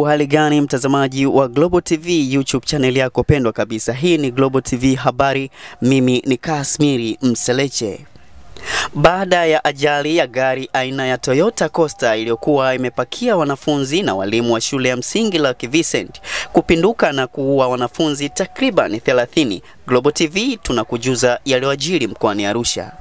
Uhali gani mtazamaji wa Global TV YouTube channel yako pendwa kabisa. Hii ni Global TV habari, mimi ni Kasmiri Mseleche. Baada ya ajali ya gari aina ya Toyota Costa iliyokuwa imepakia wanafunzi na walimu wa shule ya msingi la Kivicent kupinduka na kuua wanafunzi takriban 30, Global TV tunakujuza yaliyoajiri mkoani Arusha.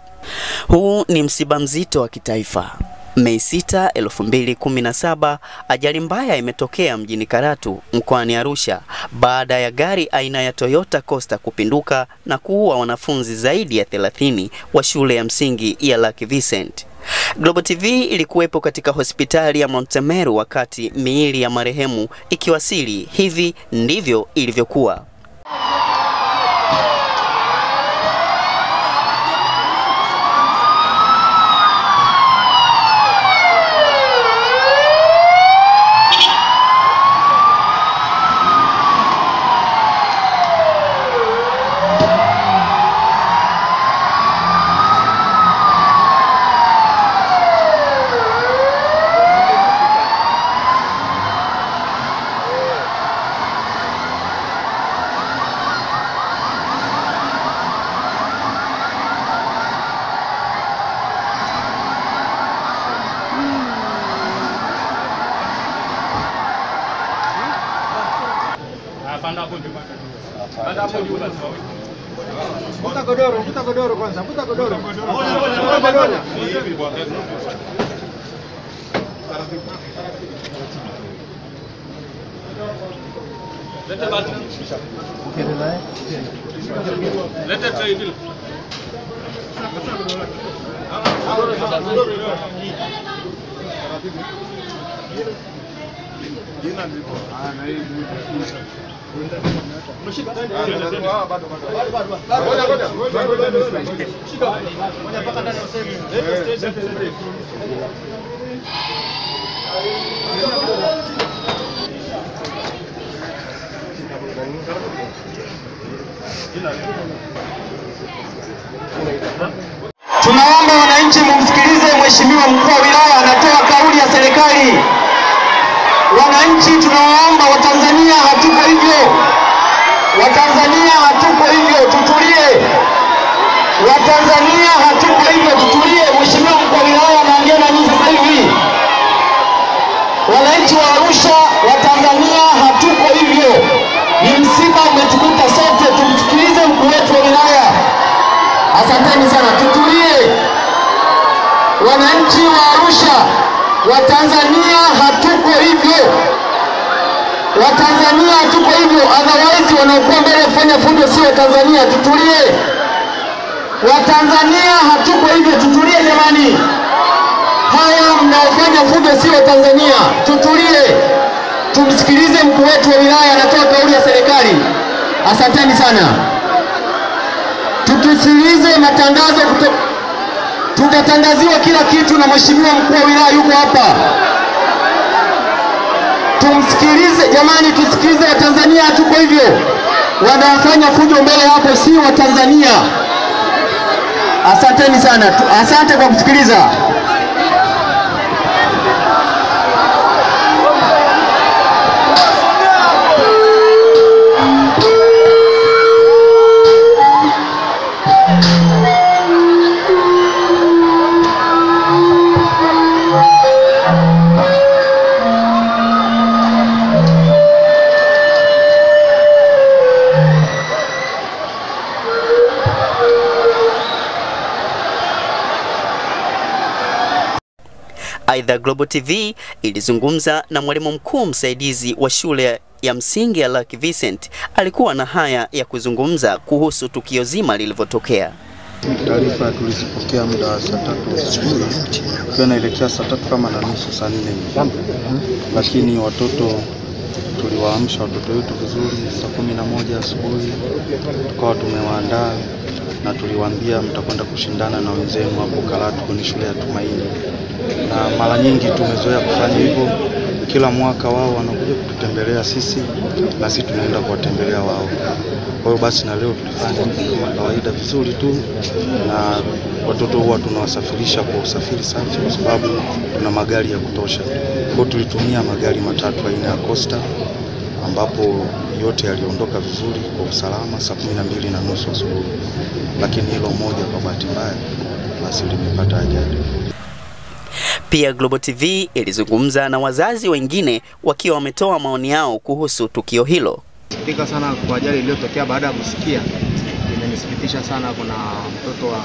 Huu ni msiba mzito wa kitaifa. Mei 6, 2017 ajali mbaya imetokea mjini Karatu mkoani Arusha baada ya gari aina ya Toyota costa kupinduka na kuua wanafunzi zaidi ya 30 wa shule ya msingi ya Lucky Vincent. Global TV ilikuwepo katika hospitali ya Mount Meru wakati miili ya marehemu ikiwasili. Hivi ndivyo ilivyokuwa. Vuta godoro, vuta godoro k w a n g a vuta godoro. Vuta godoro. Lete batu. Lete pay bill. Taratibu. Tunaomba wananchi mumsikilize mheshimiwa mkuu wa wilaya anatoa kauli ya serikali. Wananchi tunawaomba, Watanzania hatuko hivyo, Watanzania hatuko hivyo, tutulie. Watanzania hatuko hivyo, tutulie. Mheshimiwa mkuu wa wilaya anaongea na nyinyi sasa hivi. Wananchi wa Arusha, Watanzania hatuko hivyo, ni msiba umetukuta sote. Tumsikilize mkuu wetu wa wilaya. Asanteni sana, tutulie wananchi wa Arusha. Watanzania hatuko hivyo, Watanzania hatuko hivyo. Otherwise wanaokuwa mbele kufanya fujo sio Watanzania. Tutulie Watanzania, hatuko hivyo, tutulie jamani. Hawa mnaofanya fujo sio Watanzania, tutulie, tumsikilize mkuu wetu wa wilaya anatoa kauli ya serikali. Asanteni sana, tukisikilize matangazo kutoka tutatangaziwa kila kitu na mheshimiwa mkuu wa wilaya yuko hapa. Tumsikilize jamani, tusikilize Watanzania, hatuko hivyo wanafanya fujo mbele hapo, si Watanzania. Asanteni sana, asante kwa kusikiliza. Aidha, Global TV ilizungumza na mwalimu mkuu msaidizi wa shule ya msingi ya Lucky Vincent. Alikuwa na haya ya kuzungumza kuhusu tukio zima lilivyotokea. Taarifa tulizipokea muda wa saa tatu asubuhi, ikiwa inaelekea saa tatu kama na nusu saa nne lakini watoto tuliwaamsha watoto wetu vizuri saa kumi na moja asubuhi, tukawa tumewaandaa na tuliwaambia mtakwenda kushindana na wenzenu hapo Karatu kwenye shule ya Tumaini na mara nyingi tumezoea kufanya hivyo. Kila mwaka wao wanakuja kututembelea sisi na sisi tunaenda kuwatembelea wao. Kwa hiyo basi na leo tulifanya kama kawaida vizuri tu, na watoto huwa tunawasafirisha kwa usafiri safi, kwa sababu tuna magari ya kutosha. Kwa hiyo tulitumia magari matatu aina ya Costa ambapo yote yaliondoka vizuri kwa usalama saa kumi na mbili na nusu asubuhi, lakini hilo moja kwa bahati mbaya basi limepata ajali. Pia Global TV ilizungumza na wazazi wengine wakiwa wametoa maoni yao kuhusu tukio hilo. Sikitika sana kwa ajali iliyotokea. Baada ya kusikia, imenisikitisha sana. Kuna mtoto wa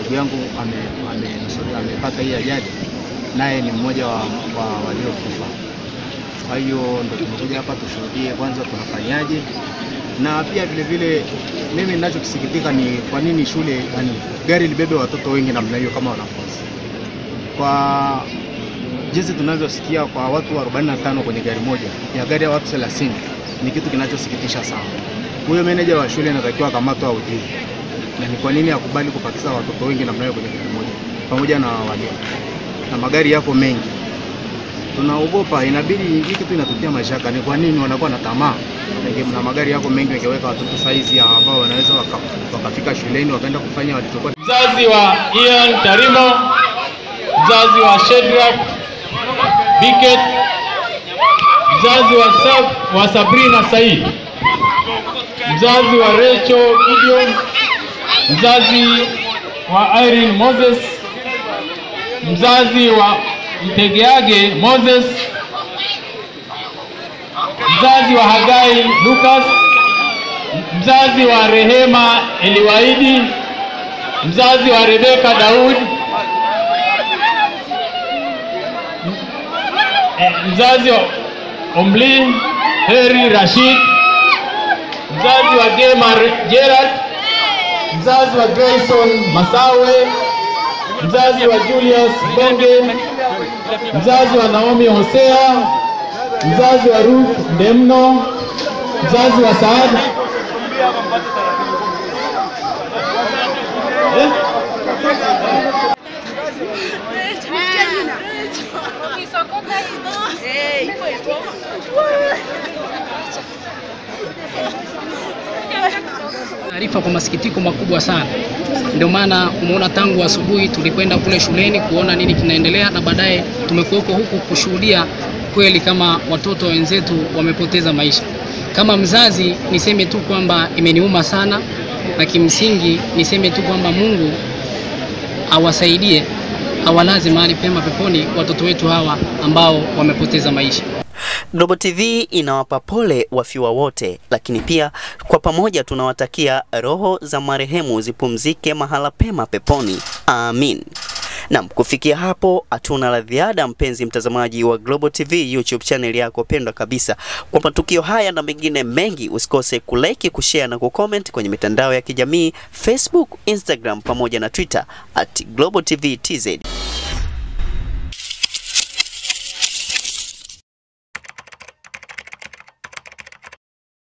ndugu yangu amepata ame, hii ajali, naye ni mmoja wa, wa waliokufa. Kwa hiyo ndo tumekuja hapa tushuhudie kwanza tunafanyaje, na pia vile vile mimi ninachokisikitika ni kwa nini shule yani, gari libebe watoto wengi namna hiyo kama wanafunzi kwa jinsi tunavyosikia kwa watu 45 kwenye gari moja ya gari ya watu 30 ni kitu kinachosikitisha sana. Huyo meneja wa shule anatakiwa akamatwe au jiwe. Na ni kwa nini akubali kupakiza watoto wengi namna hiyo kwenye gari moja pamoja na walimu? Na magari yako mengi. Tunaogopa, inabidi hii kitu inatutia mashaka. Ni kwa nini wanakuwa na tamaa? Na magari yako mengi, wangeweka watoto saizi ya ambao wanaweza wakafika waka shuleni wakaenda kufanya walichokuwa. Mzazi wa Ian Tarimo mzazi wa Shedrack Biket, mzazi wa, Sab wa Sabrina Said, mzazi wa Rachel Gideon, mzazi wa Irene Moses, mzazi wa Mtegeage Moses, mzazi wa Hagai Lucas, mzazi wa Rehema Eliwaidi, mzazi wa Rebeka Daud mzazi mzazi Omli Heri Rashid, mzazi wa Gemar Gerard, mzazi wa Grayson Masawe, mzazi wa Julius Benge, mzazi wa Naomi Hosea, mzazi wa Ruth Demno, mzazi wa Saad Taarifa kwa masikitiko makubwa sana. Ndio maana umeona tangu asubuhi tulikwenda kule shuleni kuona nini kinaendelea, na baadaye tumekuwepo huku kushuhudia kweli kama watoto wenzetu wamepoteza maisha. Kama mzazi niseme tu kwamba imeniuma sana, na kimsingi niseme tu kwamba Mungu awasaidie, awalaze mahali pema peponi watoto wetu hawa ambao wamepoteza maisha. Global TV inawapa pole wafiwa wote, lakini pia kwa pamoja tunawatakia roho za marehemu zipumzike mahala pema peponi. Amin. Nam, kufikia hapo hatuna la ziada, mpenzi mtazamaji wa Global TV YouTube channel yako pendwa kabisa. Kwa matukio haya na mengine mengi, usikose kulike, kushare na kucomment kwenye mitandao ya kijamii Facebook, Instagram pamoja na Twitter at Global TV TZ.